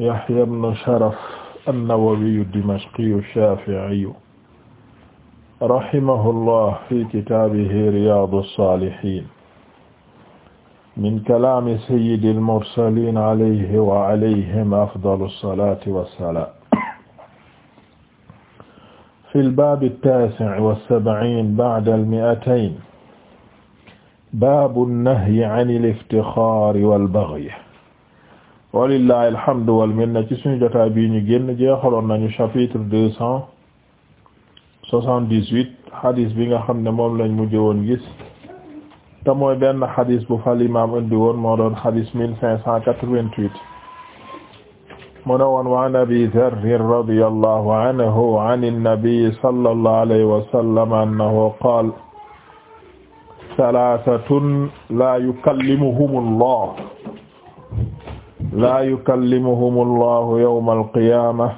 Yahya ibn Sharaf an-Nawawi ad-Dimashqi ash-Shafi'i rahimahullah fi kitaabihi Riyaadu as-Saalihiin min kalaami sayyidil mursaliin alayhi wa alayhim afdalu as-salaati was-salaam fil baabi at-taasi' was-sab'iin ba'da al-mi'atayn baabu an-nahyi 'ani al-iftixaari wal-bagyi walillahi alhamdu wal minna ci suñu jotaay bii ñu génn jeexaloon nañu chapitre deux cent soixante-dix-huit xadis bi nga xam ne moom lañ mujj woon gis te mooy benn xadis bu fal imaam indi woon moo doon xadis mille cinq cent quatre-vingt-huit mu ne woon wa an abi dharrin radiyallahu anhu an an-nabi sallallahu alayhi wa sallam annahu qaala thalathatun la yukallimuhum allah laa yukallimuhumu allahu yawma alqiyaama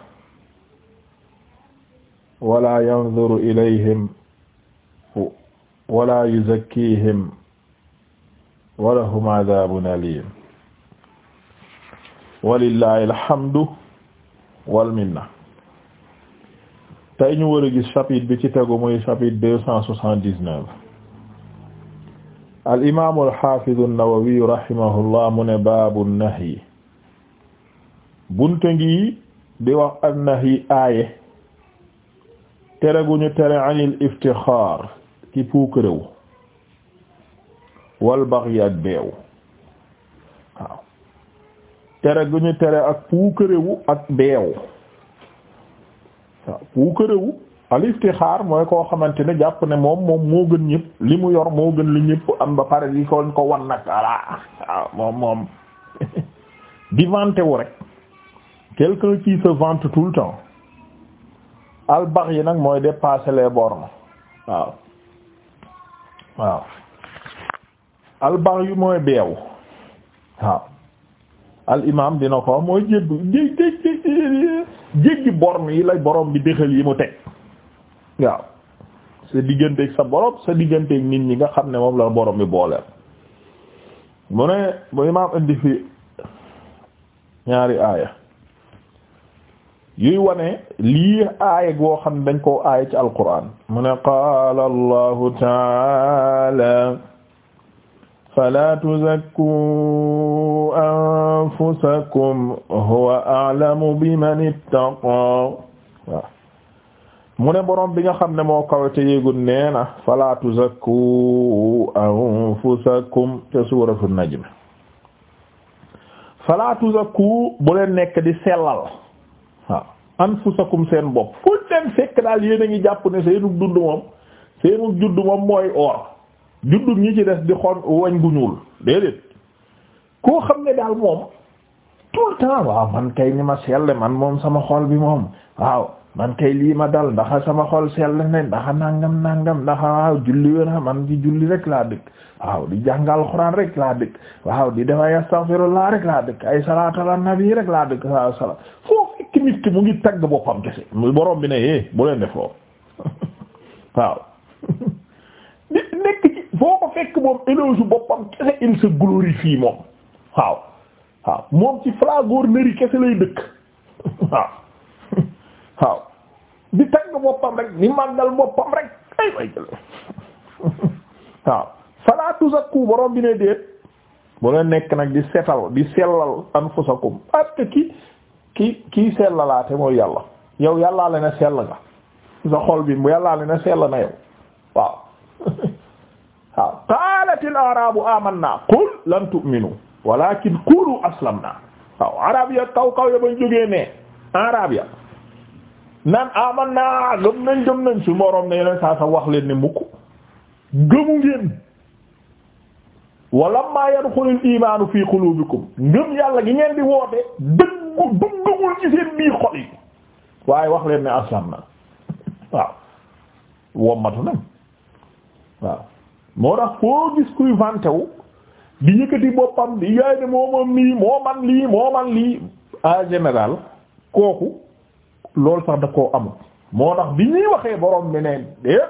wala yanzuru ilayhim wala yuzakkiihim walahum adaabun aliim walillahi alhamdu walminna tey ñu war a gis chapitre bi ci tegu muy chapitre deux cent soixante-dix-neuf al imaamu al haafidu an-Nawawi rahimahullah mu ne baabu nahyi bunte ngi di wax annahi aaye tere gu ñu tere anil iftixaar ci puukarew wal baghi ak beew tere gu ñu tere ak puukarewu ak beew waaw puukarewu al iftixaar mooy koo xamante ne jàpp ne moom moom moo gën ñëpp li mu yor moo gën li ñëpp am ba pare di ko ko wan nag waaw moom moom di rek quelqu'un qui se vante tout le temps al yi nag mooy dépasser les bornes waaw waaw al baghy mooy beew waaw al imam dina ko mooy jéggi jéggi jéggi borne yi la borom bi déxal yi mu teg waaw sa digganteeg sa borom sa digganteeg nit ñi nga xam ne moom la borom bi booleel mu ne bu imam indi fi ñaari aaya yuy wane lii aaya goo xam ne dañ koo aaya ci alquran mu ne qaala allahu taala fala tuzakkuu anfusakum huwa a'lamu biman ittaqaa waaw mu ne boroom bi nga xam ne moo kaw yéegul nee na fala tuzakkuu anfusakum te suuratu najm fala tuzakkuu bu leen nekk di sellal waaw anfusakum seen bopp fu leen fekk daal yéen a ngi jàpp ne seenu dund moom seenu judd moom mooy or juddu ñi ci des di xon wañ gu ñuul déedéet koo xam ne daal moom tout le waaw man kay ni ma sell man moom sama xol bi moom waaw man kay lii ma dal ndaxa sama xol sell ne ndaxa nangam nangam ndaxa waaw julli wéna man ci julli rek laa dëkk waaw di jàngal xuraan rek laa dëkk waaw di def ay astaghfirullah rek laa dëkk ay salaatal annabi rek laa dëkk waaw sala fekk nit ki mu ngi tagg boppam kese mu borom bi ne eh bu leen def loolu waaw di nekk ci foo ko fekk moom éloge boppam kese il se glorifie moom waaw waaw moom ci flagornerie kese lay dëkk waaw waaw di tagg boppam rek di màggal boppam rek ay way waaw fala tuzakku borom bi ne déet bu leen nekk nag di setal di sellal anfusakum parce que ki ki kii sellalaate mooy yàlla yow yàllaa la ne sell nga sa xol bi mu yàllaa la ne sell na yow waaw waaw qaalat al arabu amanna qul lan tu'minu walakin qulu aslamna waaw arab ya kaw kaw ya bañ jógee ne arab ya naan amanna gëm nañ gëm nañ su moroom ne yeneen saa sa wax leen ne mukk gëmu ngeen walamma yadxulul imaanu fi qulubikum ngëm yàlla gi ngeen di woote dëgg ko duggagul ci seen biir xol yi waaye wax leen ne aslam waaw wommatu nañ waaw moo tax foo gis kuy vanté di yëkkati boppam di yaay ne moo moom nii lii moo lii en général kooku loolu sax da koo amul moo tax bi ñuy waxee borom bi ne déet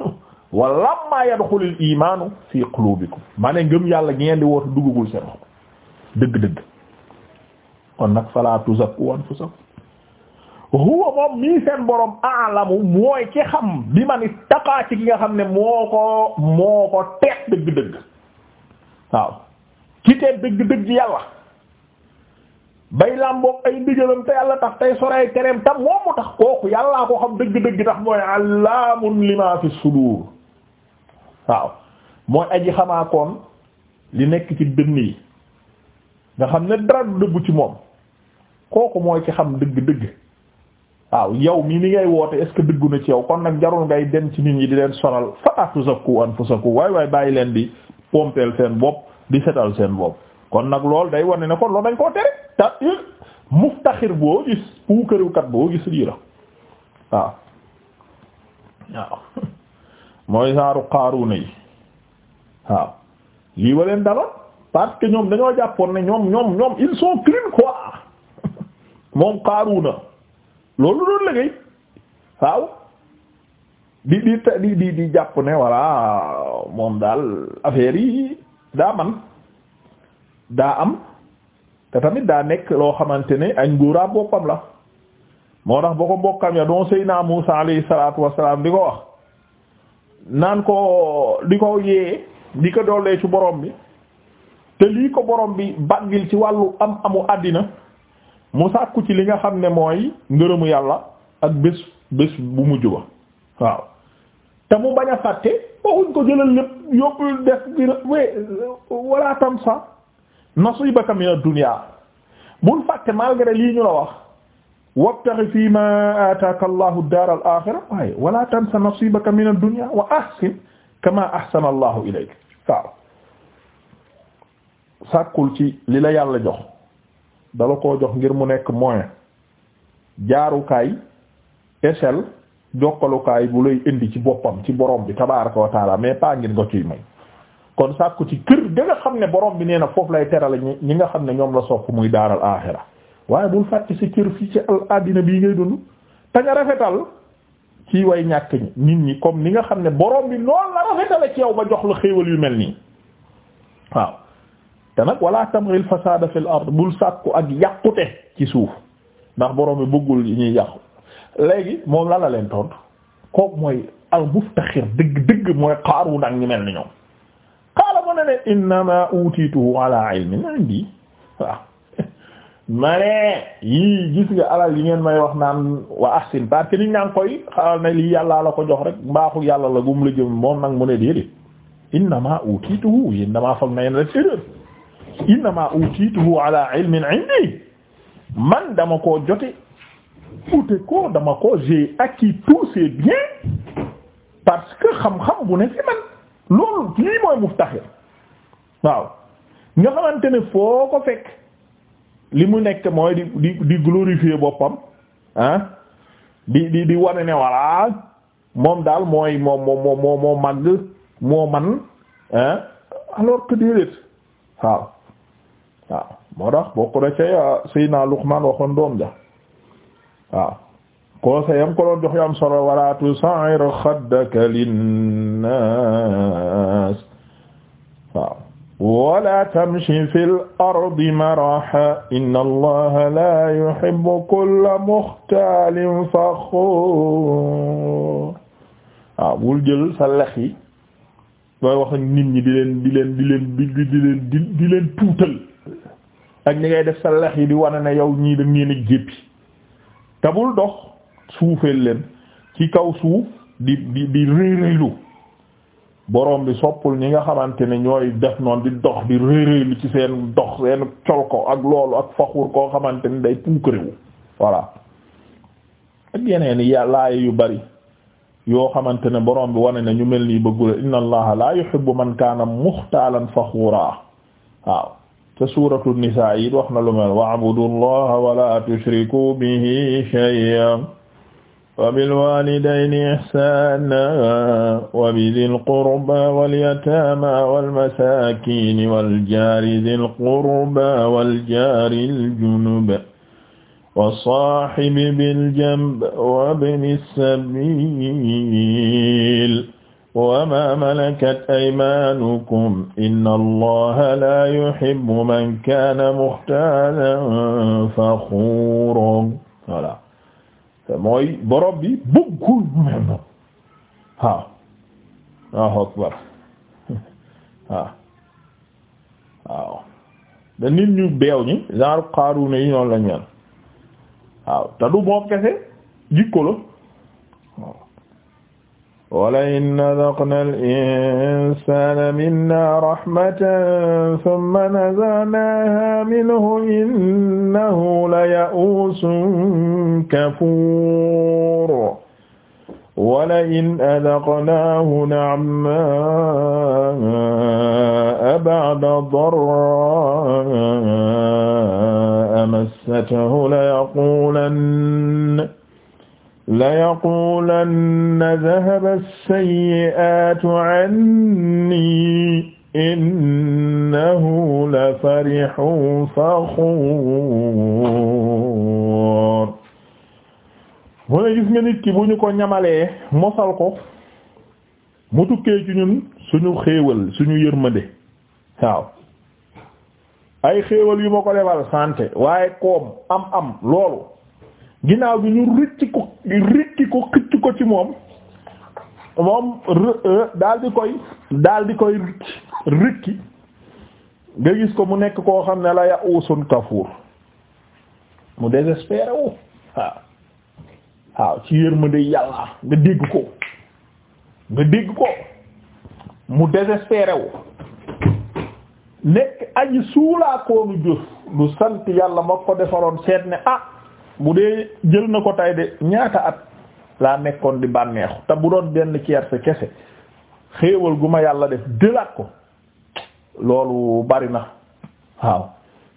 eh, wala ma yadxulul imaanu fi qulubikum ma ne ngëm yàlla ngeen di wootu duggagul seen xol dëgg-dëgg kon nag fala tuzakku anfusakum huwa moom mii seen borom aalamu mooy ci xam bi man ittaqaa ci ki nga xam ne moo ko moo ko teet dëgg-dëgg waaw ki teet dëgg-dëgg yàlla bay làmboog ay ndigalam te yàlla tax tey sore ay tereem tam moom tax kooku yàllaa ko xam dëgg-dëgg tax mooy allaamun limaa fi sudur waaw mooy aji xamaakoon li nekk ci dënn yi nga xam ne dara du ci moom kooku mooy ki xam dëgg-dëgg waaw yow mi ni ngay woote est dëggu na ci yow kon nag jarul ngay dem ci nit ñi di leen solal sonal fa atuzakku anfusakum waay waaye bàyyi leen di pompeel seen bopp di setal seen bopp kon nag loolu day wane ne kon loolu dañ koo tere ta muftaxir boo gis puukariwkat boo gis lii la waaw waaw mooy saaru Qaaruuna yi waaw lii wa leen daloon parce que ñoom dañoo jàppoon ne ñoom ñoom ñoom ils sont clean moom Qaaruuna loolu doon liggéey waaw di di di jàpp ne voilà moom daal affaire yi daa man daa am te tamit daa nekk loo xamante ne ak nguuraa boppam la moo tax ba ko bokkam ya doon naa Muusa alayhi salaatu wassalaam di ko wax naan ko di ko yee di ko doolee ci borom bi te lii ko borom bi bàggil ci wàllu am amu àddina mu sàkku ci li nga xam ne mooy ngërëmu yàlla ak bés bés bu mujj ba waaw te mu bañ a fàtte waxuñ ko jëlal lépp yóbbu def bi wala tam sa nasibaka min ad-dunya bul fàtte malgré lii ñu la wax wabtaghi fii ma ataaka allahu ad-dar waaye wala tansa nasibaka min ad wa ahsin kama ahsana allahu ilayk waaw sàkkul ci li la yàlla jox dala koo jox ngir mu nekk moyen jaarukaay échelle jokkalukaay bu lay indi ci boppam ci borom bi tabaaraka wa taala mais pas ngir nga ciy may kon sàkku ci kër ga xam ne borom bi nee na foofu lay terale ñi nga xam ne ñoom la sopp muy daaral aaxira waaye bul fàtte si kër fii ci al bi bii ngay dund te nga rafetal ci way ñàkk nit ñi comme ni nga xam ne boroom bi loolu la rafetale ci yow ba jox la xéewal yu mel nii waaw te nag wala tamril fasada ard bul sàkku ak yàqute ci suuf ndax borom bi bëggul yi ñuy yàqu léegi moom la la leen tontu kooku mooy al muftaxir dëgg dëgg mooy xaaru nag ñu mel ni ñoom xaala mu ne ala ne yii yi ngeen may wax naan wa ahsin parce que niñ koy xaaral na lii yàllaa la ko jox rek mbaaxu yàlla la gum la jëm moom nag mu ne déedéet innama utiituhu yéen damaa foog na yeen rek erreur innama utiituhu ala ilmin indi man dama koo jote te ko dama ko j'ai acquis tous ces biens parce que xam-xam bu ne fi man loolu lii mooy muftaxir waaw nga xamante ne foo ko fekk li mu nekk mooy di di di glorifier boppam ah di di di wane ne voilà moom daal mooy moom moom moo moo moo màgg moo man ah alors que déedéet waaw waaw moo tax bokk na ca ah, Seydina Luqman waxoon doom ja waaw conseil am ko doon jox yu am solo wala tusa'ir xaddaka linnaas waaw wala tamshi fil ardi maraha inna allaha la yuhibbu kulla muxtaalin faxuur waaw bul jël sa lex yi looy wax ak nit ñi di leen di leen di leen di leen di leen tuutal ak ñi ngay def sa lex yi di wane na yow ñii dañ leen a jéppi te dox suufeel leen ci kaw suuf di di di réeréelu borom bi soppul ñi nga xamante ne ñooy def noonu di dox di réeréelu ci seen dox seen col ko ak loolu ak faxur koo xamante ni day puukarewu voilà ak yeneen i laaye yu bari yoo xamante ne borom bi wane na ñu mel nii bëggula inna allaha la yuhibbu man kaana muxtaalan faxuuraa waaw ca suuratu nisaa yi wax na lu mel wa'budu llaha wala tushriku bihi shay'an wa bil walidayni ihsana wa bidhil qurba wal yatama wal masakin wal jari dhil qurba wal jari al junub والصاحب بالجنب وابن السبيل وما ملكت أيمانكم إن الله لا يحب من كان مختالا فخورا voilà te mooy borom bi bëggul mel waaw waaw akbar waaw waaw da nit ñu beew ñi genre Qaaruun yi noonu lañ mel waaw kese jikko wala in azaqna al-insaana minna rahmatan thumma naza'naaha minhu innahu laya'uusun kafuur wala in azaqnaahu na'maa'a ba'da darraa'a massathu layaquulanna layaqulanna dahaba sayyi'aatu anni innahu la farihun faxuur mu gis nga ki bu ñu ko ñamalee mosal ko mu tukkee ci ñun suñu xéewal suñu yërmande waaw ay xéewal yu ma ko defal santé waaye koom am am loolu ginnaaw bi ñu rëcc ko rëcc ko ci moom moom daal di koy daal di koy rëcci nga gis ko mu nekk koo xam ne la ya usun kafuur mu désespéré waaw waaw ci yërmande yàlla nga dégg ko nga dégg ko mu désespéré wu nekk aji suulaakoonu jëf lu sant yàlla ma ko defaloon seet ne ah bu dee jël na ko tay de ñaata at laa nekkoon di bànneexu te bu doon benn tierce kese xéewal gu ma yàlla def dëlaat ko loolu bari na waaw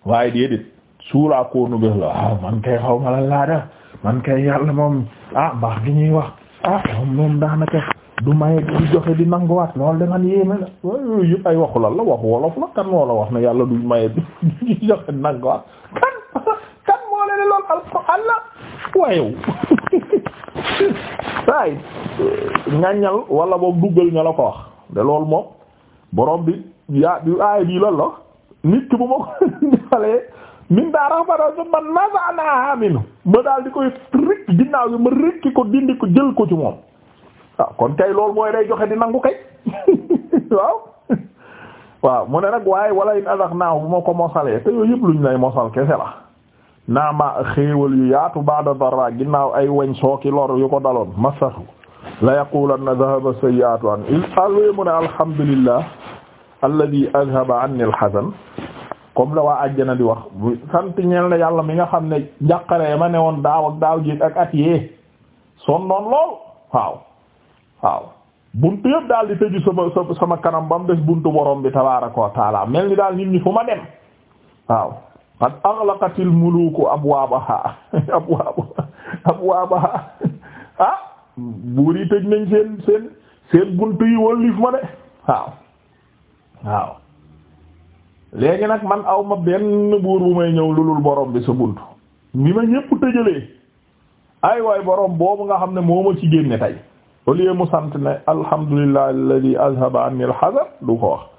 waaye déedéet suulaa koonu bés la waaw man kay xaw ma la laa def man kay yàlla moom ah mbaax gi ñuy wax ah moom moom daanaka du may du joxe di nanguwaat loolu de man yéeme la yooyu yëpp ay waxu lan la waxu wolof la kan moo la wax na yàlla du maye di joxe nanguwaat alquran la waayow saay ñaññal wala boog duggal ña la ko wax de loolu moom borom bi yaa bi aay bii loolu la nit ki bu ma ko defalee min daa raxmata su man nasaanaa minu ma daal di koy rëkk ginnaaw bi ma rëkki ko dindi ko jël ko ci moom ah, kon kay lool mooy day joxe di nangu kay waaw waaw mu ne nag waaye wala in adak naaw bu ma ko mosalee te yooyu yëpp luñ lay mosal kese la naama xéewal yu yaatu ba'da darra ginnaaw ay weñ sooki lor yu ko daloon masahu la yaqulanna dhahaba sayyi'atu an ne alhamdulillah alladhi adhaba anni alhazan comme la waa àjjana di wax sant ñeel na yàlla mi nga xam ne njàqare ma ne woon daaw ak daaw jéeg ak at yee son noon lool waaw waaw buntu yëpp daal di tëju sama sama kanam ba mu des buntu borom bi tabaaraka wa mel ni daal nit ñi fu ma dem waaw qad aghlaqatil muluku waa abwaabaha abwaabaha ah buur yi tëj nañ seen seen seen buntu yi wëllif ma de waaw waaw léegi nag man aw ma benn buur bu may ñëw lulul borom bi sa buntu bi ma ñépp tëjalee ay waay borom boobu nga xam ne moo ma ci génne tey au lieu mu sant ne alhamdulillahi alladhi azhaba anni al-hazan du ko wax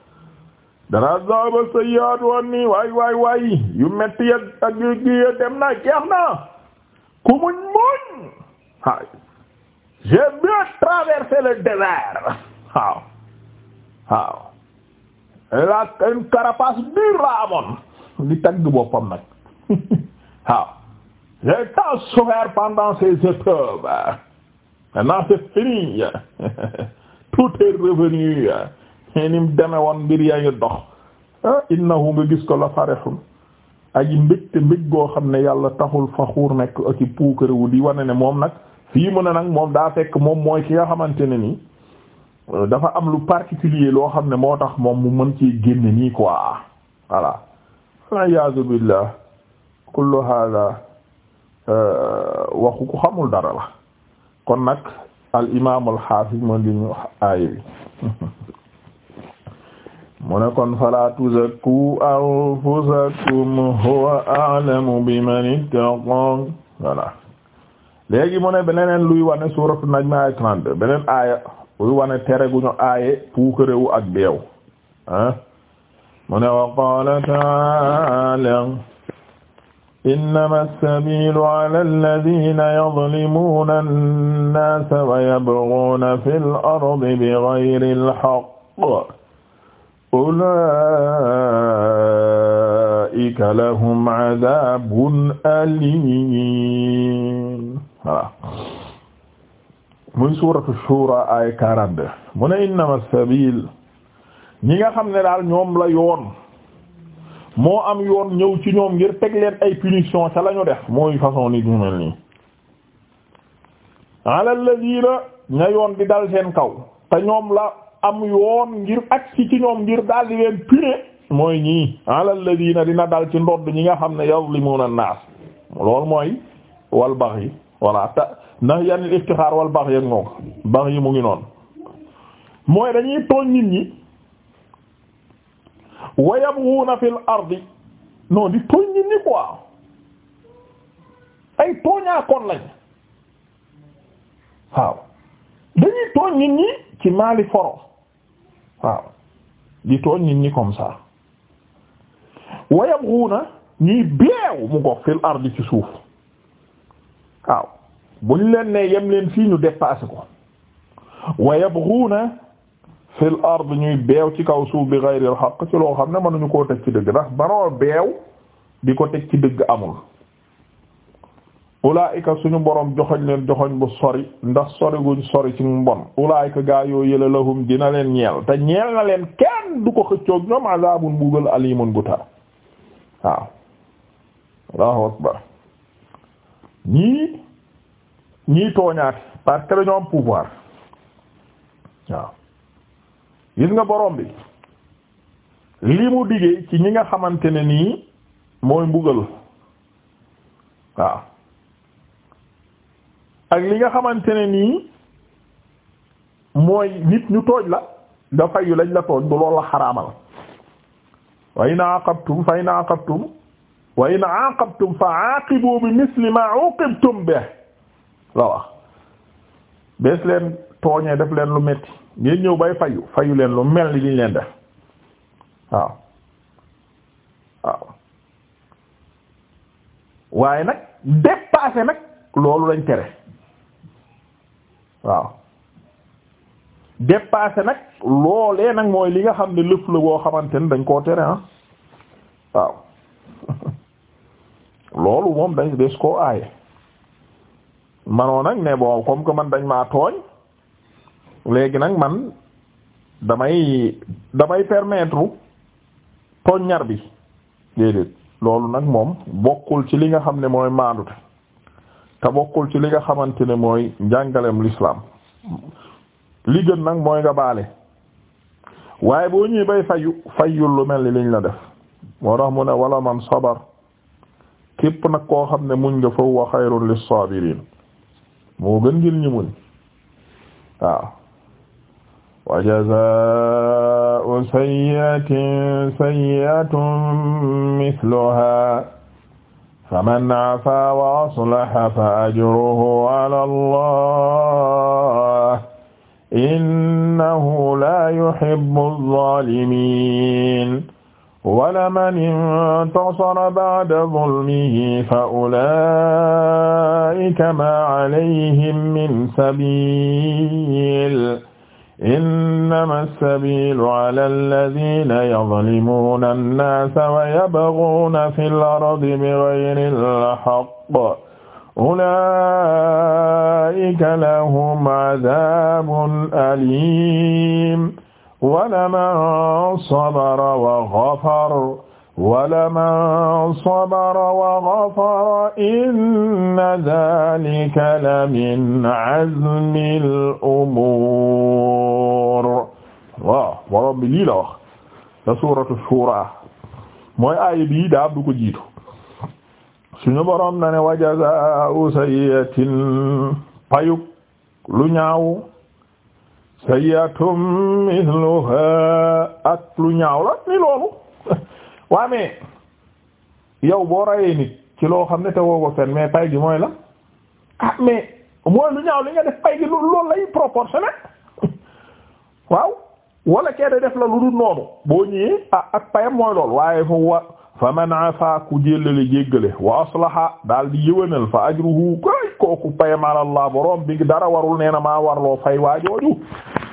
dana zaaba sayyi'atu anni waay waay waay yu metti ya ak yu ya dem na jeex na ku muñ muñ waay j'ai bien traversé le désert waaw waaw la une carapace dure la amoon di tagg boppam nag waaw j'ai tant souffert pendant ces épreuves maintenant c'est fini tout est revenu ni mu woon mbir yaa ngi dox ah innahu nga gis ko la farihun aji mbégte mbég goo xam ne yàlla taxul faxuur nekk ak i puukarewu di wane ne moom nag fii mu ne nag moom daa fekk moom mooy ki nga xamante ne nii euh, dafa am lu particulier loo xam ne moo tax moom mu mën ci génne nii quoi voilà aliyasu billah kullu hada euh, waxu ku xamul dara la kon nag al imaam al xaafis moo li ñu aaya bi mu ne kon fala tuzakku anfusakum huwa a'lamu biman ittaqa voilà léegi mu ne beneen luy wane suuratu najm ay 32 beneen aaya luy wane tere gu ñu aaye puukarewu ak beew ah mu ne wa qaala ta'aala innama as-sabiilu 'ala alladhiina yadhlimuuna an-naasa wa yabghuuna fil ardi bighayri al-haqq ulaa'ika lahum adaabun aliim voilà muy suuratu Shuura ay quarante-deux mu ne innama sabiil ñi nga xam ne daal ñoom la yoon moo am yoon ñëw ci ñoom ngir teg leen ay punition ca lañu def mooy façon nit ñu mel nii ala alladiina ña yoon di dal seen kaw te ñoom la am yoon ngir agsi ci ñoom ngir daal di leen pire mooy ñii alal ladina dina dal ci ndodd ñi nga xam ne yazlimuna naas loolu mooy wal bax yi voilà te na yan iftixaar wal bax yi ak moom bax yi mu ngi noonu mooy dañuy tooñ nit ñi wayabghuna fil ardi non di tooñ nit ñi quoi ay tooñaakoon lañ waaw dañuy tooñ nit ñi ci maali foro waaw di tooñ nit ñi comme ça wayabghuna ñuy beew mu ngoog fil ardi ci suuf waaw bu ñu leen ne yem fii ñu dépassé ko wayabghuna fil ard ñuy beew ci kaw suuf bi ghayril haqq ci loo xam ne mënuñu koo teg ci dëgg ndax baroo beew di ko teg ci dëgg amul ulaayika suñu boroom joxoñ leen joxoñ bu sori ndax sori guñ sori ci mbon ulaayika gaa yoo yële dina leen ñeel te ñeel na leen kenn du ko xëccoog ñoom azabun mbugal alimun gu tar waaw allahu akbar ñii ñii tooñaat parce que dañoo am pouvoir waaw gis nga boroom bi li mu diggee ci ñi nga xamante ne nii mooy mbugal waaw ak li nga xamante ne nii mooy nit ñu tooj la nga fayu lañ la tooj du loolu la xaraamal wa in aqabtum fa in aqabtum wa in aqabtum fa aqibu bi misli ma uqibtum be la wax bees leen tooñee def leen lu metti ngeen ñëw bay fayu fayu leen lu mel ni liñ leen def waaw waaye nag dépassé nag loolu lañ tere waaw dépassé nag loolee nag mooy li nga xam ne lëf la boo xamante ne dañ koo tere ah waaw loolu moom dañ des koo aaye manoo nag ne boo comme que man dañ maa tooñ léegi nag man damay damay permettre tooñ ñar bi déedéet loolu nag moom bokkul ci li nga xam ne mooy maandute te bokkul ci li nga xamante ne mooy njàngaleem l'islam li gën nag mooy nga baale waaye boo ñëwee bay fayu fayul lu mel ni liñ la def moo tax mu ne wala man sabar képp nag koo xam ne muñ nga fa wa xayrun lis-saabiriin moo gën ngir ñi waaw wa jazaa'u sayyi'atin sayyi'atun mithluhaa faman aafaa wa aslaha fa ajruhu ala allah innahu la yuhibbu az-zalimin walaman intasara ba'da zulmihi fa ulaa'ika ma alayhim min sabil innama as-sabilu ala alladhina yadhlimuna an-nasa wa yabghuna fil ardi bighayri al-haqq ulaika lahum adhabun alim wa laman sabara wa ghafara walaman sabara wa gafara inna zaalika la min azmil umuur waaw borom bi lii la wax la suuratu Shuura mooy aaya bi daa am du ko jiitu suñu borom na ne wa jazaa'u sayyi'atin payuk lu ñaaw sayyi'atun mithluhaa ak lu ñaaw la ni loolu waa mais yow boo rayee nit ci loo xam ne te woo fen mais pay gi mooy la ah mais mooy lu ñaaw li nga def pay gi loolu lay proportionné waaw wala kede def la lu dul noonu boo ñëwee ah ak payam mooy lool waaye fa wa fa man afa ku jéllale jéggale wa aslaha daal di yëwanal fa ajruhu kay kooku payam Allah borom bi dara warul nee na maa warloo fay waajooju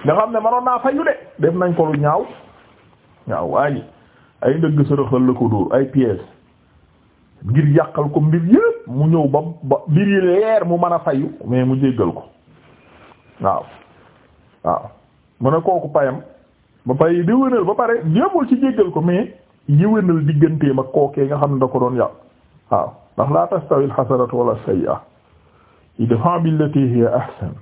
nga xam ne manoon naa fayu de def nañ ko lu ñaaw waaw waaji ay ndëgg sërëxal la ko dóor ay ngir yàqal ko mbir yépp mu ñëw ba ba mbir yi leer mu mën a fayu mais mu jéggal ko waaw waaw mu ne kooku payam ba pay di wënal ba pare jéemul ci jéggal ko mais yi wënal digganteem ak kookee nga xam ne da ko doon yàq waaw ndax la tastawi al hasanatu wala sayyi'a idfa billati hiya ahsan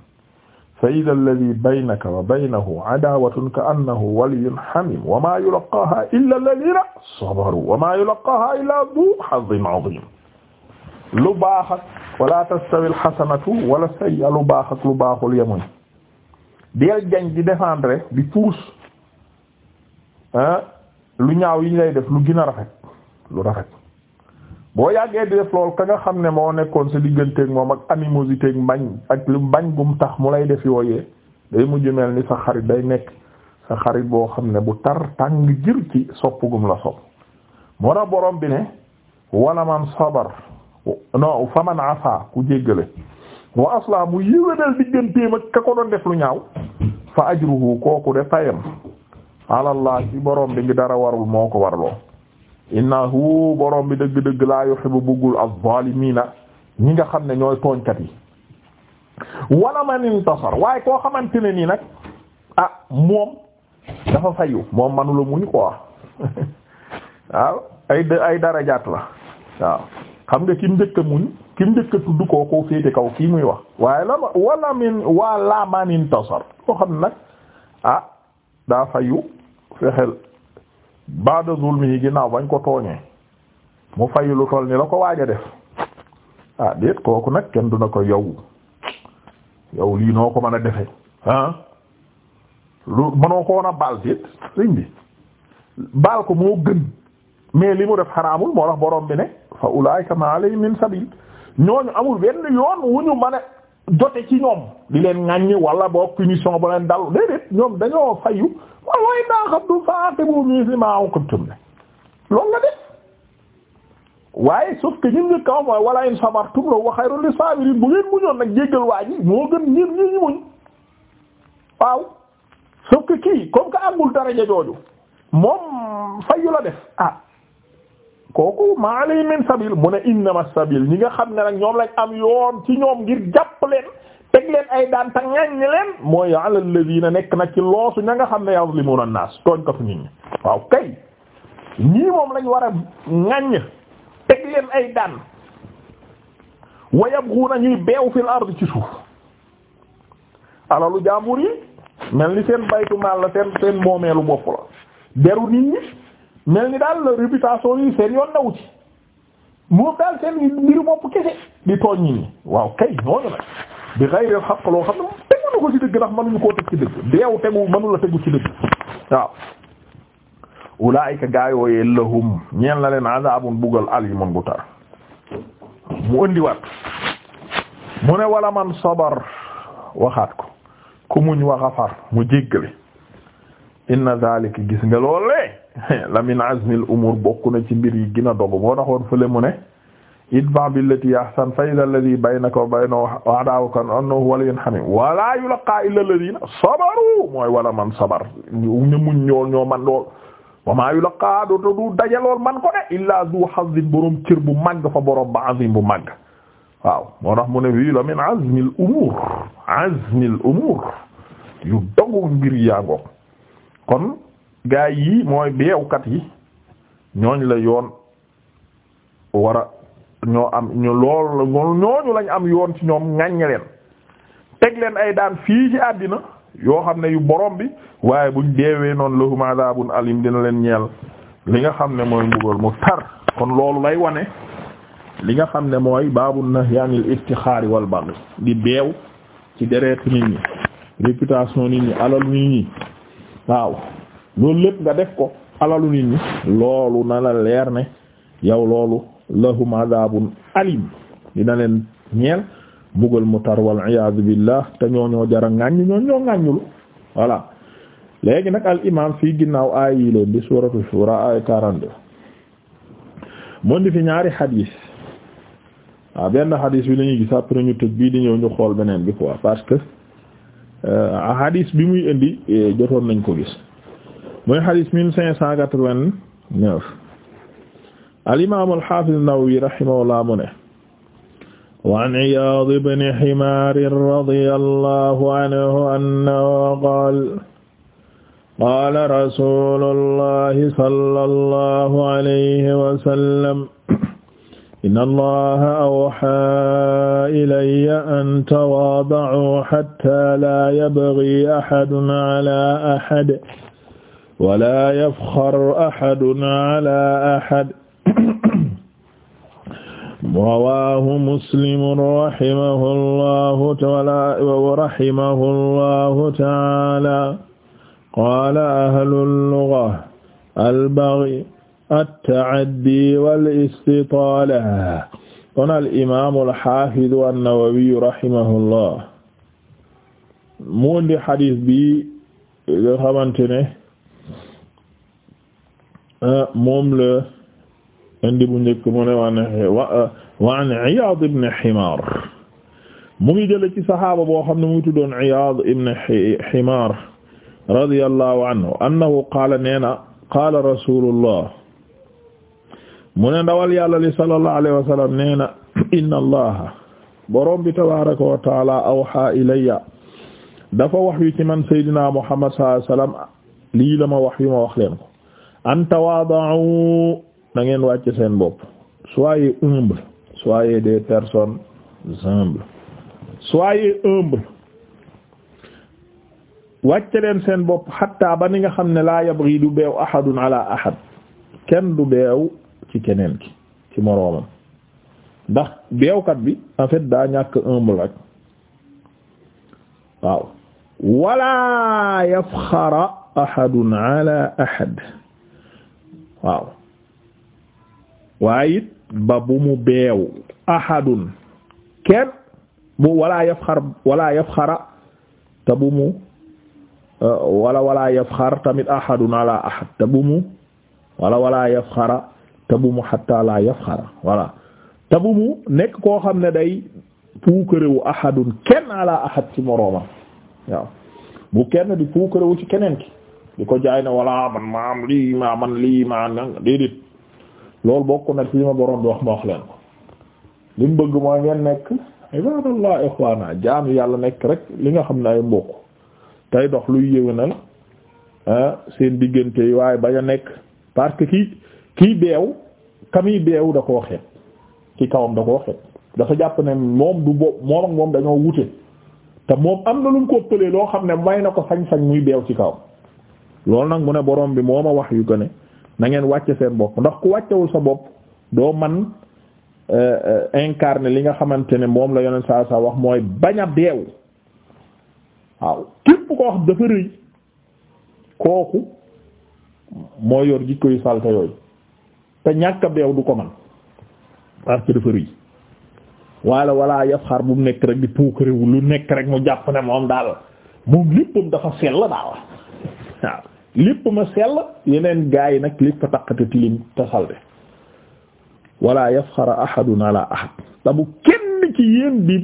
fa ida alladi baynaka wa baynahu adawatun ka annahu waliyun hamim wa ma yulaqaaha illa alladina sabaru wa ma yulaqaaha illa du hazin azim lu baax ak wala tastawi alxasanatu wala sayya lu baax ak lu baaxul yemuñ deel jañ di défendre di puus ah, lu ñaaw yi ñu lay def lu gën a rafet lu rafet boo yàggee di def lool ka nga xam ne moo nekkoon sa digganteeg moom ak animosité ak mbañ ak lu mbañ gum tax mu lay def yooyee day mujj mel ni sa xarit day nekk sa xarit boo xam ne bu tar tàng jir ci sopp gum la sopp moo tax borom bi ne wala man sabar non fa man afa ku jéggale wa asla mu yéwénal digganteem ak ko doon def lu ñaaw fa ajruhu kooku de fayam alallahi borom bi ngi dara warul moo ko warloo innahu borom bi dëgg-dëgg laa yuhibbu buggul az-zaalimiina ñi nga xam ne ñooy tooñkat yi wala man intasar waaye koo xamante ne nii nag ah moom dafa fayu moom manula muñ quoi waaw ay ay darajaat la waaw xam nga kim njëkk a muñ kim njëkk a tudd koo koo féete kaw kii muy wax waaye la wala min wala man koo xam ne nag ah daa fayu fexeel baada zulmi yi ginnaaw bañ ko tooñee mu fay lu toll ni la ko waaj def ah déet kooku nag kenn du na ko yow yow lii noo ko mën a defe ah lu mënoo ko woon a baal déet sëñ ko moo gën mais li mu def xaraamul moo tax borom bi ne fa ulaayka ma alayhim min sabil ñooñu amul benn yoon wu ñu mën a jote ci ñoom di leen ŋàññi wala boog punition ba leen dal déedéet ñoom dañoo fayu wallahi daa xam du faate bu muslima uqibtum ne loolu la def waaye sauf que ñun ñu kaw mooy wala in sabartum la wa xayrun lis bu ngeen muñoon nag jéggal waa ji moo gën ñun ñi ñu muñ waaw sauf que kii comme que amul daraja jooju moom fayu la def ah kooku maa lay min sabil mu ne innama sabil ñi nga xam ne nag ñoom lañ am yoon ci ñoom ngir jàpp leen teg leen ay daan ta ŋaññ leen mooy ala alladhina nekk nag ci loosu ña nga xam ne yazlimuna an-nas tooñ ko fi nit ñi waaw kay ñii moom lañ war a ŋaññ teg leen ay daan wayabghuna ñuy beew fil ard ci suuf alalu jaambur yi mel ni seen baytu maal la seen seen moomeelu bopp la deru nit ñi mel ni daal la réputation yi seen yoon na wuti moom daal seen mbiru bopp kese di tooñ ñi waaw kay ñooñu nag bi ghayri al loo xam ne moom tegu na ko ci dëgg ndax dëgg deew tegu mënu tegu ci dëgg waaw ulaayika gaayooyee lahum ñeen la leen azabun bugal alimun bu tar mu ëndiwaat mu ne wala man sabar waxaat ko ku muñ wa ghafar mu jéggale inna zalika gis nga loolee la min azmil umur bokk na ci mbir yi gën a dogu moo taxoon fële mu ne idfa billati ahsan fa idha alladhi baynaka wa baynahu adawatan annahu waliyyun hamim wala yulqa illa alladhina sabaru mooy wala man sabar ñu muñ ñool ñoo man lool wa ma yulqa do du dajalool man ko de illa du hazzin borom cër bu màgg fa borom ba azim bu màgg waaw moo tax mu ne wi la min azmil umur azmil umur yu dogu mbir yaa ngoog kon gaa yi mooy beewkat yi ñooñ la yoon war ñoo am ñu lool ñooñu lañ am yoon ci ñoom ŋaññi leen teg leen ay daan fii ci àddina yoo xam ne yu borom bi waaye buñ deewee noonu lahum adabun alim dina leen ñeel li nga xam ne mooy mbugal mu tar kon loolu lay wane li nga xam ne mooy babu nahyanil iftixaari wal baghi di beew ci deretu nit ñi réputation nit ñi alalu nit ñi waaw loolu lépp nga def ko alalu nit ñi loolu na la leer ne yow loolu lahum adabun alim dina leen ñeel mbugal mu tar wal iyaadu billah te ñoo ñoo jara ŋàññ ñoo ñoo ŋàññulu voilà léegi nag al imam fii ginnaaw aay yi leen di suuratu shura aay 42 mën di fi ñaari xadiis waaw benn xadiis bi lañuy gis après ñu tëj bii di ñëw ñu xool beneen bi quoi parce que euh, xadiis bi muy indi eh, jotoon nañ ko gis mooy xadis mille cinq cent quatre-vingt-neuf al imaam al xaafiz an-Nawawi rahimahullah mu ne wa an Iyaad ibn Himaar radiyallahu anhu annahu qaala qaala rasuulullahi sallallahu alayhi wa sallam inna allaha awhaa ilayya an tawaada'uu hattaa laa yabghii ahadun alaa ahadin wala yafxar axadun ala axad rawaahu muslimun rahimahu allahu taala wa rahimahu allahu taala qaala ahlul luga albaghi attacaddi wal istitaala kon al imaamu alxaafidu annawawiyu rahimahu allah mu ndi xadiis bi nga xamante ne Ah, moom la indi bu njëkk mu ne wan wa ah, an Iyaad ibn Himaar mu ngi jële ci saxaaba boo xam ne mu ngi tuddoon Iyaad ibn Himaar radiyallahu anhu annahu qaala neena qaala rasulullah mu ne ndawal yàlla li sallallahu alayhi wa sallam neena inna allaha borom bi tabaaraka wa taala awhaa ilayya dafa wax yu ci man sayyidina Muhammad sallallahu alayhi wa sallam lii la ma wax yu ma wax leen ko an tawaada'u na ngeen wàcc seen bopp soyez humble soyez des personnes humbles soyez humble wàcc leen seen bopp hatta ba ni nga xam ne laa yabghi du beew ahadun ala ahad kenn du beew ci keneen ci moroomam ndax beewkat bi en fait daa ñàkk humble rek waaw wala yafxara ahadun ala waaw waaye it ba bu mu beew ahadun kenn bu walaa yaf xar walaa yaf xara te bu mu euh, wala walaa yaf xar tamit ahadun ala ahad te bu mu wala walaa yaf xara te bu mu xatta laa yaf xara wala te bu mu nekk koo xam ne day puukarewu ahadun kenn ala ahad ci moroomam waaw bu kenn di puukarewu ci keneen ki di ko jaay na walla man ma lii ma man lii ma nang déedéet loolu bokk na ci li ma boroom bi wax ma wax leen ko mu jaam yàlla nekk rek li nga xam ne ay mbokk tey dox luy ah, seen diggante waaye bañ nekk parce que kii kii beew kami kawam da koo jàpp ne moom du bo moom ak moom dañoo wute te moom am na lu mu ko pëlee loo xam ne may na ko sañ-sañ muy beew ci kaw loolu nag mu ne borom bi moo ma wax yu ko ne na ngeen wàcce seen bopp ndax ku wàccewul sa bopp doo man euh, euh, incarner li nga xamante ne moom la yoneen saa saa wax mooy bañ a beew waaw képp ko wax dafa rëy kooku moo yor jikko yu salte yooyu te ñàkk a beew du ko man parce que dafa rëy wala wala yaf xar bu mu nekk rek di puuk lu nekk rek mu jàpp ne moom daal moom léppam dafa sell daal waaw ma sell yeneen gaa yi nag lépp a taqate tilim tasalde wala yafxara ahadun ala ahad te bu kenn ci yéen bi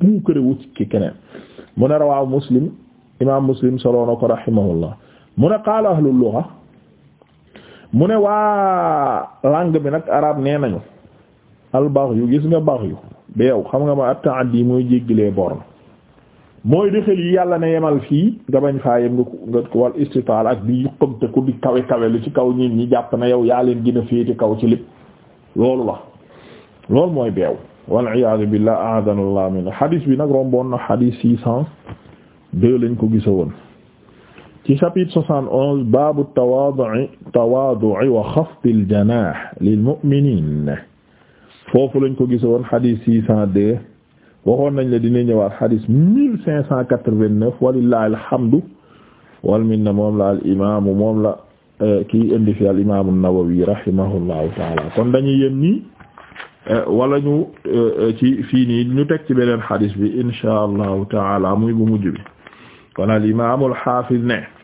bu këréwu ci keneen mu ne rawaaw muslim imam muslim soloo ko rahimahullah mu ne qaala ahlul lugha mu ne waa langue bi nag arab nee nañu al yu gis nga yu beew xam nga ma at-ta'addi mooy jéggilee borne mooy dëxël yi yàlla na yemal fii nga bañ faa yem nga ko wal istitaal ak di yuqamte ku di kawe kawe lu ci kaw ñin ñi jàpp na yow yaa leen gën a féete kaw ci lépp loolu la loolu mooy beew wal iyaadu billaah aadanallah min xadiis bi nag romboon na xadiis six cent deux lañ ko gisa woon ci chapitre soixante onze baabu tawaadu tawaadu wa xafdil janaax lil mu'miniin foofu lañ ko gisa woon xadiis six cent deux waxoon nañ la dina ñëwaat xadis mille cinq cent quatre-vingt-neuf walillahi alhamdu wal minna moom la al imaamu moom la euh, kii indi fi al imaamu Nawawi rahimahullahu taala kon dañuy yem nii euh, wala ñu euh, ci fii nii ñu teg ci beneen xadis bi insha allahu taala muy bu mujj bi kon al imaamu al xaafiz ne